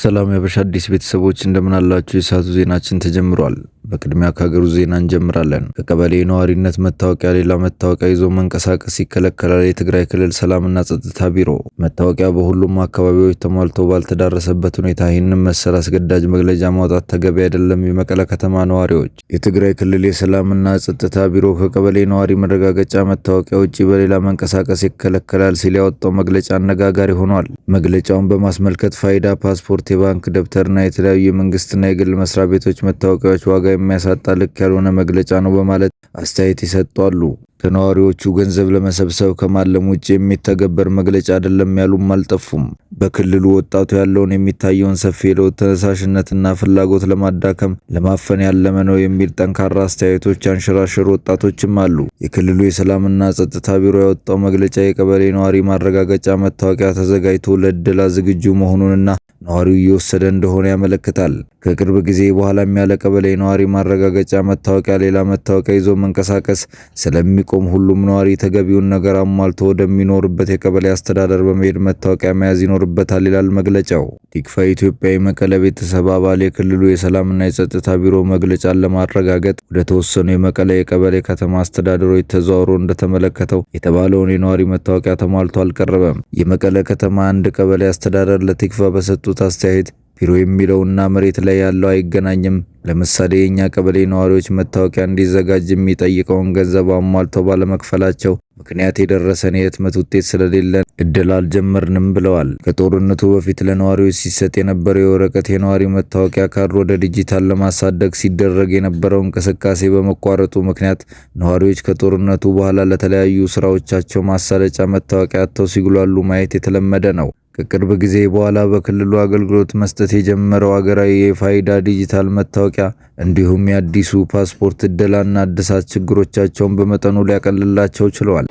ሰላም ያበሻ አዲስ ቤተሰቦች እንደምናላችሁ፣ የሰዓቱ ዜናችን ተጀምሯል። በቅድሚያ ከሀገሩ ዜና እንጀምራለን። ከቀበሌ የነዋሪነት መታወቂያ ሌላ መታወቂያ ይዞ መንቀሳቀስ ይከለከላል። የትግራይ ክልል ሰላምና ጸጥታ ቢሮ መታወቂያ በሁሉም አካባቢዎች ተሟልቶ ባልተዳረሰበት ሁኔታ ይህንን መሰል አስገዳጅ መግለጫ ማውጣት ተገቢ አይደለም። የመቀለ ከተማ ነዋሪዎች የትግራይ ክልል የሰላምና ጸጥታ ቢሮ ከቀበሌ ነዋሪ መረጋገጫ መታወቂያ ውጭ በሌላ መንቀሳቀስ ይከለከላል ሲል ያወጣው መግለጫ አነጋጋሪ ሆኗል። መግለጫውን በማስመልከት ፋይዳ፣ ፓስፖርት፣ የባንክ ደብተርና የተለያዩ የመንግስትና የግል መስሪያ ቤቶች መታወቂያዎች ዋጋ የሚያሳጣ ልክ ያልሆነ መግለጫ ነው በማለት አስተያየት ይሰጧሉ። ከነዋሪዎቹ ገንዘብ ለመሰብሰብ ከማለም ውጭ የሚተገበር መግለጫ አይደለም ያሉም አልጠፉም። በክልሉ ወጣቱ ያለውን የሚታየውን ሰፊ የለውጥ ተነሳሽነትና ፍላጎት ለማዳከም ለማፈን ያለመ ነው የሚል ጠንካራ አስተያየቶች አንሸራሸር ወጣቶችም አሉ። የክልሉ የሰላምና ጸጥታ ቢሮ ያወጣው መግለጫ የቀበሌ ነዋሪ ማረጋገጫ መታወቂያ ተዘጋጅቶ ለእደላ ዝግጁ መሆኑንና ነዋሪው እየወሰደ እንደሆነ ያመለክታል። ከቅርብ ጊዜ በኋላም ያለ ቀበሌ ነዋሪ ማረጋገጫ መታወቂያ ሌላ መታወቂያ ይዞ መንቀሳቀስ ስለሚቆም ሁሉም ነዋሪ ተገቢውን ነገር አሟልቶ ወደሚኖርበት የቀበሌ አስተዳደር በመሄድ መታወቂያ መያዝ ይኖርበታል ይላል መግለጫው። ቲክፋ ኢትዮጵያ የመቀለ ቤተሰብ አባል የክልሉ የሰላምና የጸጥታ ቢሮ መግለጫን ለማረጋገጥ ወደ ተወሰኑ የመቀለ የቀበሌ ከተማ አስተዳደሮች ተዘዋውሮ እንደተመለከተው የተባለውን የነዋሪ መታወቂያ ተሟልቶ አልቀረበም። የመቀለ ከተማ አንድ ቀበሌ አስተዳደር ለቲክፋ በሰጡት በሰጡት አስተያየት ቢሮ የሚለውና መሬት ላይ ያለው አይገናኝም። ለምሳሌ የእኛ ቀበሌ ነዋሪዎች መታወቂያ እንዲዘጋጅ የሚጠይቀውን ገንዘብ አሟልተው ባለመክፈላቸው ምክንያት የደረሰን የህትመት ውጤት ስለሌለን እድል አልጀመርንም ብለዋል። ከጦርነቱ በፊት ለነዋሪዎች ሲሰጥ የነበረው የወረቀት የነዋሪ መታወቂያ ካርድ ወደ ዲጂታል ለማሳደግ ሲደረግ የነበረው እንቅስቃሴ በመቋረጡ ምክንያት ነዋሪዎች ከጦርነቱ በኋላ ለተለያዩ ስራዎቻቸው ማሳለጫ መታወቂያ አጥተው ሲጉላሉ ማየት የተለመደ ነው። ከቅርብ ጊዜ በኋላ በክልሉ አገልግሎት መስጠት የጀመረው አገራዊ የፋይዳ ዲጂታል መታወቂያ እንዲሁም የአዲሱ ፓስፖርት እደላና አድሳት ችግሮቻቸውን በመጠኑ ሊያቀልላቸው ችለዋል።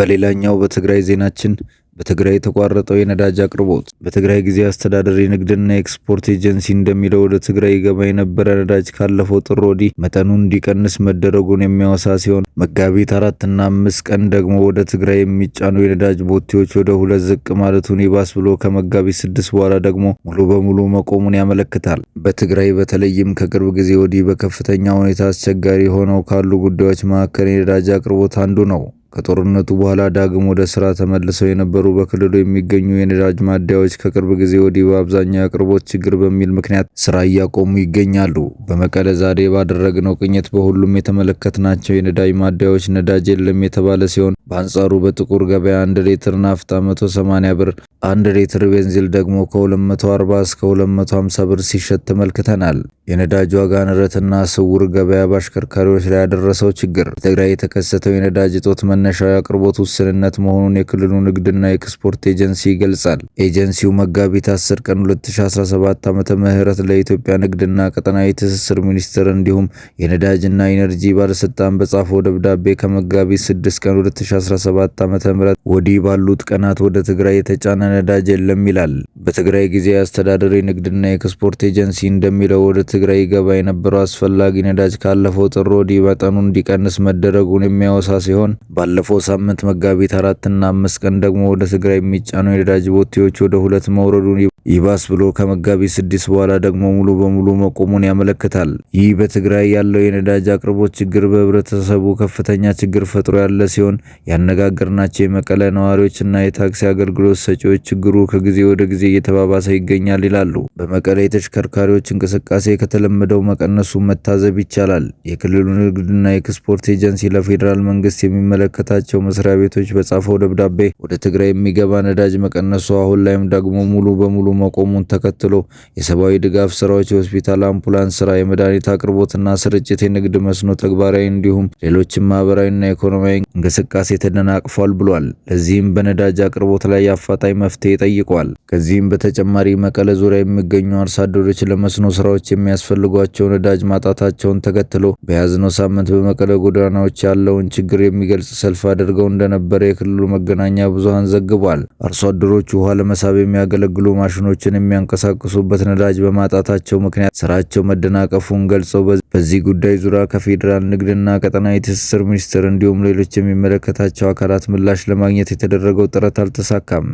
በሌላኛው በትግራይ ዜናችን በትግራይ የተቋረጠው የነዳጅ አቅርቦት በትግራይ ጊዜ አስተዳደር የንግድና የኤክስፖርት ኤጀንሲ እንደሚለው ወደ ትግራይ ይገባ የነበረ ነዳጅ ካለፈው ጥር ወዲህ መጠኑ እንዲቀንስ መደረጉን የሚያወሳ ሲሆን መጋቢት አራትና አምስት ቀን ደግሞ ወደ ትግራይ የሚጫኑ የነዳጅ ቦቴዎች ወደ ሁለት ዝቅ ማለቱን ይባስ ብሎ ከመጋቢት ስድስት በኋላ ደግሞ ሙሉ በሙሉ መቆሙን ያመለክታል። በትግራይ በተለይም ከቅርብ ጊዜ ወዲህ በከፍተኛ ሁኔታ አስቸጋሪ ሆነው ካሉ ጉዳዮች መካከል የነዳጅ አቅርቦት አንዱ ነው። ከጦርነቱ በኋላ ዳግም ወደ ሥራ ተመልሰው የነበሩ በክልሉ የሚገኙ የነዳጅ ማደያዎች ከቅርብ ጊዜ ወዲህ በአብዛኛው የአቅርቦት ችግር በሚል ምክንያት ስራ እያቆሙ ይገኛሉ። በመቀለ ዛሬ ባደረግነው ቅኝት በሁሉም የተመለከትናቸው የነዳጅ ማደያዎች ነዳጅ የለም የተባለ ሲሆን በአንጻሩ በጥቁር ገበያ አንድ ሌትር ናፍጣ 180 ብር፣ አንድ ሌትር ቤንዚል ደግሞ ከ240 እስከ 250 ብር ሲሸጥ ተመልክተናል። የነዳጅ ዋጋ ንረትና ስውር ገበያ በአሽከርካሪዎች ላይ ያደረሰው ችግር በትግራይ የተከሰተው የነዳጅ እጦት መነሻው የአቅርቦት ውስንነት መሆኑን የክልሉ ንግድና ኤክስፖርት ኤጀንሲ ይገልጻል። ኤጀንሲው መጋቢት 10 ቀን 2017 ዓ ም ለኢትዮጵያ ንግድና ቀጠናዊ ትስስር ሚኒስቴር እንዲሁም የነዳጅና ኢነርጂ ባለስልጣን በጻፈው ደብዳቤ ከመጋቢት 6 ቀን 2017 ዓ ም ወዲህ ባሉት ቀናት ወደ ትግራይ የተጫነ ነዳጅ የለም ይላል። በትግራይ ጊዜያዊ አስተዳደር የንግድና ኤክስፖርት ኤጀንሲ እንደሚለው ወደ ትግራይ ይገባ የነበረው አስፈላጊ ነዳጅ ካለፈው ጥር ወዲህ መጠኑ እንዲቀንስ መደረጉን የሚያወሳ ሲሆን ባለፈው ሳምንት መጋቢት አራትና አምስት ቀን ደግሞ ወደ ትግራይ የሚጫኑ የነዳጅ ቦቴዎች ወደ ሁለት መውረዱን ይባስ ብሎ ከመጋቢ ስድስት በኋላ ደግሞ ሙሉ በሙሉ መቆሙን ያመለክታል። ይህ በትግራይ ያለው የነዳጅ አቅርቦት ችግር በህብረተሰቡ ከፍተኛ ችግር ፈጥሮ ያለ ሲሆን ያነጋገርናቸው የመቀለ ነዋሪዎች እና የታክሲ አገልግሎት ሰጪዎች ችግሩ ከጊዜ ወደ ጊዜ እየተባባሰ ይገኛል ይላሉ። በመቀለ የተሽከርካሪዎች እንቅስቃሴ ከተለመደው መቀነሱ መታዘብ ይቻላል። የክልሉ ንግድና ኤክስፖርት ኤጀንሲ ለፌዴራል መንግስት የሚመለከታቸው መስሪያ ቤቶች በጻፈው ደብዳቤ ወደ ትግራይ የሚገባ ነዳጅ መቀነሱ አሁን ላይም ደግሞ ሙሉ በሙሉ መቆሙን ተከትሎ የሰብአዊ ድጋፍ ስራዎች፣ የሆስፒታል አምቡላንስ ስራ፣ የመድኃኒት አቅርቦትና ስርጭት፣ የንግድ መስኖ ተግባራዊ እንዲሁም ሌሎችም ማህበራዊና ኢኮኖሚያዊ እንቅስቃሴ ተደናቅፏል ብሏል። ለዚህም በነዳጅ አቅርቦት ላይ አፋጣኝ መፍትሄ ጠይቋል። ከዚህም በተጨማሪ መቀለ ዙሪያ የሚገኙ አርሶ አደሮች ለመስኖ ስራዎች የሚያስፈልጓቸው ነዳጅ ማጣታቸውን ተከትሎ በያዝነው ሳምንት በመቀለ ጎዳናዎች ያለውን ችግር የሚገልጽ ሰልፍ አድርገው እንደነበረ የክልሉ መገናኛ ብዙሃን ዘግቧል። አርሶ አደሮች ውሃ ለመሳብ የሚያገለግሉ ማሽኖ ቡድኖችን የሚያንቀሳቅሱበት ነዳጅ በማጣታቸው ምክንያት ስራቸው መደናቀፉን ገልጸው በዚህ ጉዳይ ዙሪያ ከፌዴራል ንግድና ቀጠናዊ ትስስር ሚኒስቴር እንዲሁም ሌሎች የሚመለከታቸው አካላት ምላሽ ለማግኘት የተደረገው ጥረት አልተሳካም።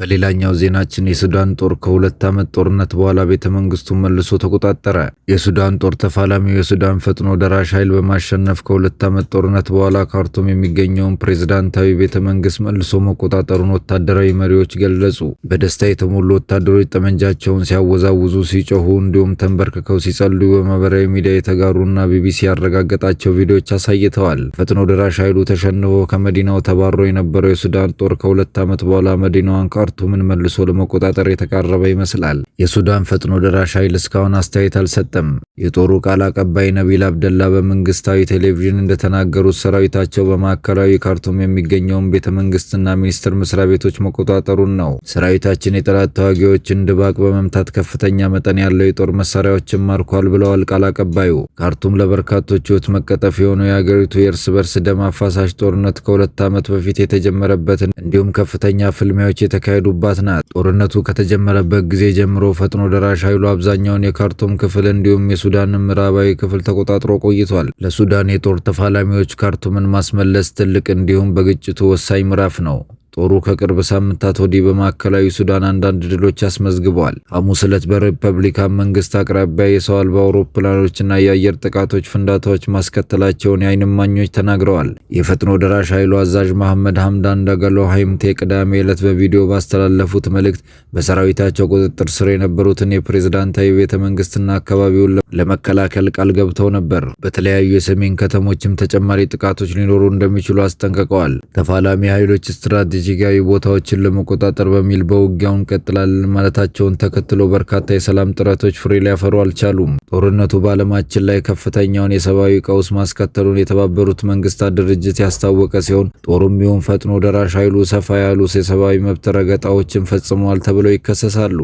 በሌላኛው ዜናችን የሱዳን ጦር ከሁለት ዓመት ጦርነት በኋላ ቤተ መንግስቱን መልሶ ተቆጣጠረ። የሱዳን ጦር ተፋላሚው የሱዳን ፈጥኖ ደራሽ ኃይል በማሸነፍ ከሁለት ዓመት ጦርነት በኋላ ካርቱም የሚገኘውን ፕሬዝዳንታዊ ቤተ መንግስት መልሶ መቆጣጠሩን ወታደራዊ መሪዎች ገለጹ። በደስታ የተሞሉ ወታደሮች ጠመንጃቸውን ሲያወዛውዙ፣ ሲጮሁ እንዲሁም ተንበርክከው ሲጸልዩ በማህበራዊ ሚዲያ የተጋሩና ቢቢሲ ያረጋገጣቸው ቪዲዮዎች አሳይተዋል። ፈጥኖ ደራሽ ኃይሉ ተሸንፎ ከመዲናው ተባሮ የነበረው የሱዳን ጦር ከሁለት ዓመት በኋላ መዲናዋን ካርቱምን መልሶ ለመቆጣጠር የተቃረበ ይመስላል። የሱዳን ፈጥኖ ደራሽ ኃይል እስካሁን አስተያየት አልሰጠም። የጦሩ ቃል አቀባይ ነቢል አብደላ በመንግስታዊ ቴሌቪዥን እንደተናገሩት ሰራዊታቸው በማዕከላዊ ካርቱም የሚገኘውን ቤተ መንግስትና ሚኒስቴር መስሪያ ቤቶች መቆጣጠሩን ነው። ሰራዊታችን የጠላት ተዋጊዎችን ድባቅ በመምታት ከፍተኛ መጠን ያለው የጦር መሳሪያዎችን ማርኳል ብለዋል ቃል አቀባዩ። ካርቱም ለበርካቶች ህይወት መቀጠፍ የሆነው የአገሪቱ የእርስ በርስ ደም አፋሳሽ ጦርነት ከሁለት ዓመት በፊት የተጀመረበትን እንዲሁም ከፍተኛ ፍልሚያዎች የተካሄዱ ያካሄዱባት ናት። ጦርነቱ ከተጀመረበት ጊዜ ጀምሮ ፈጥኖ ደራሽ ኃይሉ አብዛኛውን የካርቱም ክፍል እንዲሁም የሱዳንን ምዕራባዊ ክፍል ተቆጣጥሮ ቆይቷል። ለሱዳን የጦር ተፋላሚዎች ካርቱምን ማስመለስ ትልቅ እንዲሁም በግጭቱ ወሳኝ ምዕራፍ ነው። ጦሩ ከቅርብ ሳምንታት ወዲህ በማዕከላዊ ሱዳን አንዳንድ ድሎች አስመዝግበዋል። ሐሙስ ዕለት በሪፐብሊካን መንግስት አቅራቢያ የሰው አልባ አውሮፕላኖችና የአየር ጥቃቶች ፍንዳታዎች ማስከተላቸውን የዓይን እማኞች ተናግረዋል። የፈጥኖ ደራሽ ኃይሉ አዛዥ መሐመድ ሐምዳን ዳጋሎ ሀይምቴ ቅዳሜ ዕለት በቪዲዮ ባስተላለፉት መልእክት በሰራዊታቸው ቁጥጥር ስር የነበሩትን የፕሬዝዳንታዊ ቤተ መንግስትና አካባቢውን ለመከላከል ቃል ገብተው ነበር። በተለያዩ የሰሜን ከተሞችም ተጨማሪ ጥቃቶች ሊኖሩ እንደሚችሉ አስጠንቅቀዋል። ተፋላሚ ኃይሎች ስትራቴጂ ስትራቴጂካዊ ቦታዎችን ለመቆጣጠር በሚል በውጊያው እንቀጥላለን ማለታቸውን ተከትሎ በርካታ የሰላም ጥረቶች ፍሬ ሊያፈሩ አልቻሉም። ጦርነቱ በዓለማችን ላይ ከፍተኛውን የሰብአዊ ቀውስ ማስከተሉን የተባበሩት መንግስታት ድርጅት ያስታወቀ ሲሆን ጦሩም ቢሆን ፈጥኖ ደራሽ ኃይሉ ሰፋ ያሉ የሰብአዊ መብት ረገጣዎችን ፈጽመዋል ተብለው ይከሰሳሉ።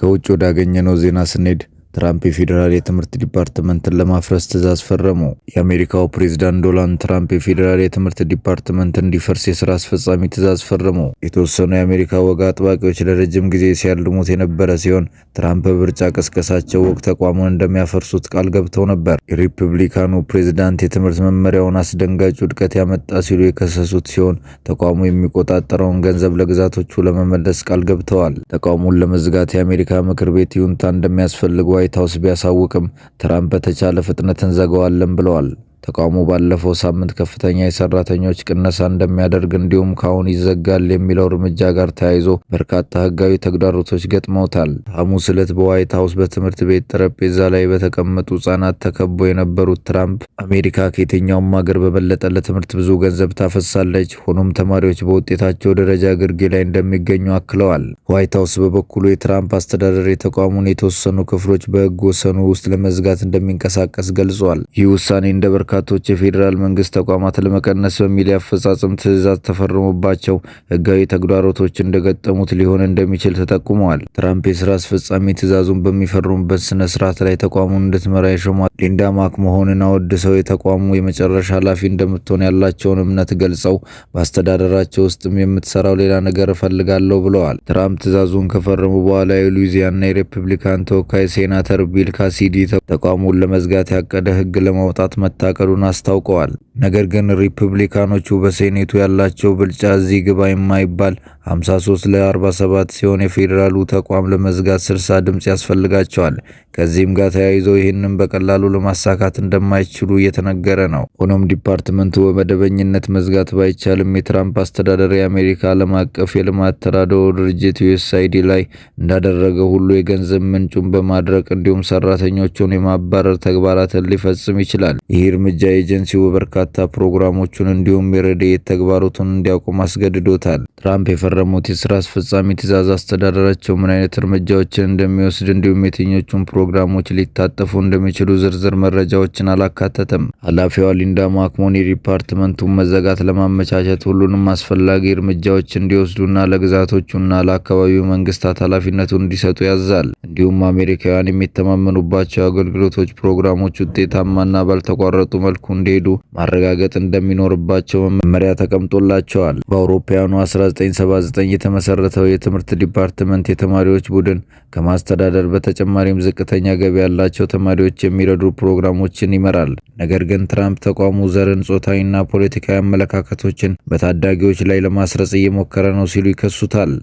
ከውጭ ወዳገኘነው ዜና ስንሄድ ትራምፕ የፌዴራል የትምህርት ዲፓርትመንትን ለማፍረስ ትዕዛዝ ፈረሙ። የአሜሪካው ፕሬዝዳንት ዶናልድ ትራምፕ የፌዴራል የትምህርት ዲፓርትመንት እንዲፈርስ የስራ አስፈጻሚ ትዕዛዝ ፈረሙ። የተወሰኑ የአሜሪካ ወግ አጥባቂዎች ለረጅም ጊዜ ሲያልሙት የነበረ ሲሆን ትራምፕ በምርጫ ቀስቀሳቸው ወቅት ተቋሙን እንደሚያፈርሱት ቃል ገብተው ነበር። የሪፐብሊካኑ ፕሬዝዳንት የትምህርት መመሪያውን አስደንጋጭ ውድቀት ያመጣ ሲሉ የከሰሱት ሲሆን ተቋሙ የሚቆጣጠረውን ገንዘብ ለግዛቶቹ ለመመለስ ቃል ገብተዋል። ተቋሙን ለመዝጋት የአሜሪካ ምክር ቤት ይሁንታ እንደሚያስፈልገው ዋይት ሀውስ ቢያሳውቅም ትራምፕ በተቻለ ፍጥነት እንዘጋዋለን ብለዋል። ተቋሙ ባለፈው ሳምንት ከፍተኛ የሰራተኞች ቅነሳ እንደሚያደርግ እንዲሁም ካሁን ይዘጋል የሚለው እርምጃ ጋር ተያይዞ በርካታ ህጋዊ ተግዳሮቶች ገጥመውታል። ሐሙስ ዕለት በዋይት ሀውስ በትምህርት ቤት ጠረጴዛ ላይ በተቀመጡ ህጻናት ተከበው የነበሩት ትራምፕ አሜሪካ ከየትኛውም ሀገር በበለጠ ለትምህርት ብዙ ገንዘብ ታፈሳለች፣ ሆኖም ተማሪዎች በውጤታቸው ደረጃ ግርጌ ላይ እንደሚገኙ አክለዋል። ዋይት ሀውስ በበኩሉ የትራምፕ አስተዳደር የተቋሙን የተወሰኑ ክፍሎች በህግ ወሰኑ ውስጥ ለመዝጋት እንደሚንቀሳቀስ ገልጿል። ይህ ውሳኔ እንደ በርካ በርካቶች የፌዴራል መንግስት ተቋማት ለመቀነስ በሚል የአፈጻጸም ትዕዛዝ ተፈርሞባቸው ህጋዊ ተግዳሮቶች እንደገጠሙት ሊሆን እንደሚችል ተጠቁመዋል። ትራምፕ የስራ አስፈጻሚ ትዕዛዙን በሚፈርሙበት ስነ ስርዓት ላይ ተቋሙን እንድትመራ የሾማ ሊንዳ ማክ መሆንን አወድሰው የተቋሙ የመጨረሻ ኃላፊ እንደምትሆን ያላቸውን እምነት ገልጸው በአስተዳደራቸው ውስጥም የምትሰራው ሌላ ነገር እፈልጋለሁ ብለዋል። ትራምፕ ትእዛዙን ከፈረሙ በኋላ የሉዊዚያና የሪፐብሊካን ተወካይ ሴናተር ቢል ካሲዲ ተቋሙን ለመዝጋት ያቀደ ህግ ለማውጣት መታቀዱ መቀጠሉን አስታውቀዋል። ነገር ግን ሪፐብሊካኖቹ በሴኔቱ ያላቸው ብልጫ እዚህ ግባ የማይባል 53 ለ47 ሲሆን የፌዴራሉ ተቋም ለመዝጋት 60 ድምፅ ያስፈልጋቸዋል። ከዚህም ጋር ተያይዘው ይህንን በቀላሉ ለማሳካት እንደማይችሉ እየተነገረ ነው። ሆኖም ዲፓርትመንቱ በመደበኝነት መዝጋት ባይቻልም የትራምፕ አስተዳደር የአሜሪካ ዓለም አቀፍ የልማት ተራድኦ ድርጅት ዩኤስአይዲ ላይ እንዳደረገ ሁሉ የገንዘብ ምንጩን በማድረቅ እንዲሁም ሰራተኞቹን የማባረር ተግባራትን ሊፈጽም ይችላል። ይህ እርምጃ ኤጀንሲው በበርካታ ፕሮግራሞቹን እንዲሁም የረድኤት ተግባሮቱን እንዲያቆም አስገድዶታል። ትራምፕ የፈረሙት የስራ አስፈጻሚ ትእዛዝ አስተዳደራቸው ምን አይነት እርምጃዎችን እንደሚወስድ እንዲሁም የትኞቹን ፕሮግራሞች ሊታጠፉ እንደሚችሉ ዝርዝር መረጃዎችን አላካተተም። ኃላፊዋ ሊንዳ ማክሞኒ ዲፓርትመንቱን መዘጋት ለማመቻቸት ሁሉንም አስፈላጊ እርምጃዎች እንዲወስዱና ለግዛቶቹና ለአካባቢው መንግስታት ኃላፊነቱን እንዲሰጡ ያዛል። እንዲሁም አሜሪካውያን የሚተማመኑባቸው አገልግሎቶች፣ ፕሮግራሞች ውጤታማና ባልተቋረጡ መልኩ እንዲሄዱ ማረጋገጥ እንደሚኖርባቸው መመሪያ ተቀምጦላቸዋል። በአውሮፓውያኑ 1979 2019 የተመሰረተው የትምህርት ዲፓርትመንት የተማሪዎች ቡድን ከማስተዳደር በተጨማሪም ዝቅተኛ ገቢ ያላቸው ተማሪዎች የሚረዱ ፕሮግራሞችን ይመራል። ነገር ግን ትራምፕ ተቋሙ ዘርን፣ ጾታዊና ፖለቲካዊ አመለካከቶችን በታዳጊዎች ላይ ለማስረጽ እየሞከረ ነው ሲሉ ይከሱታል።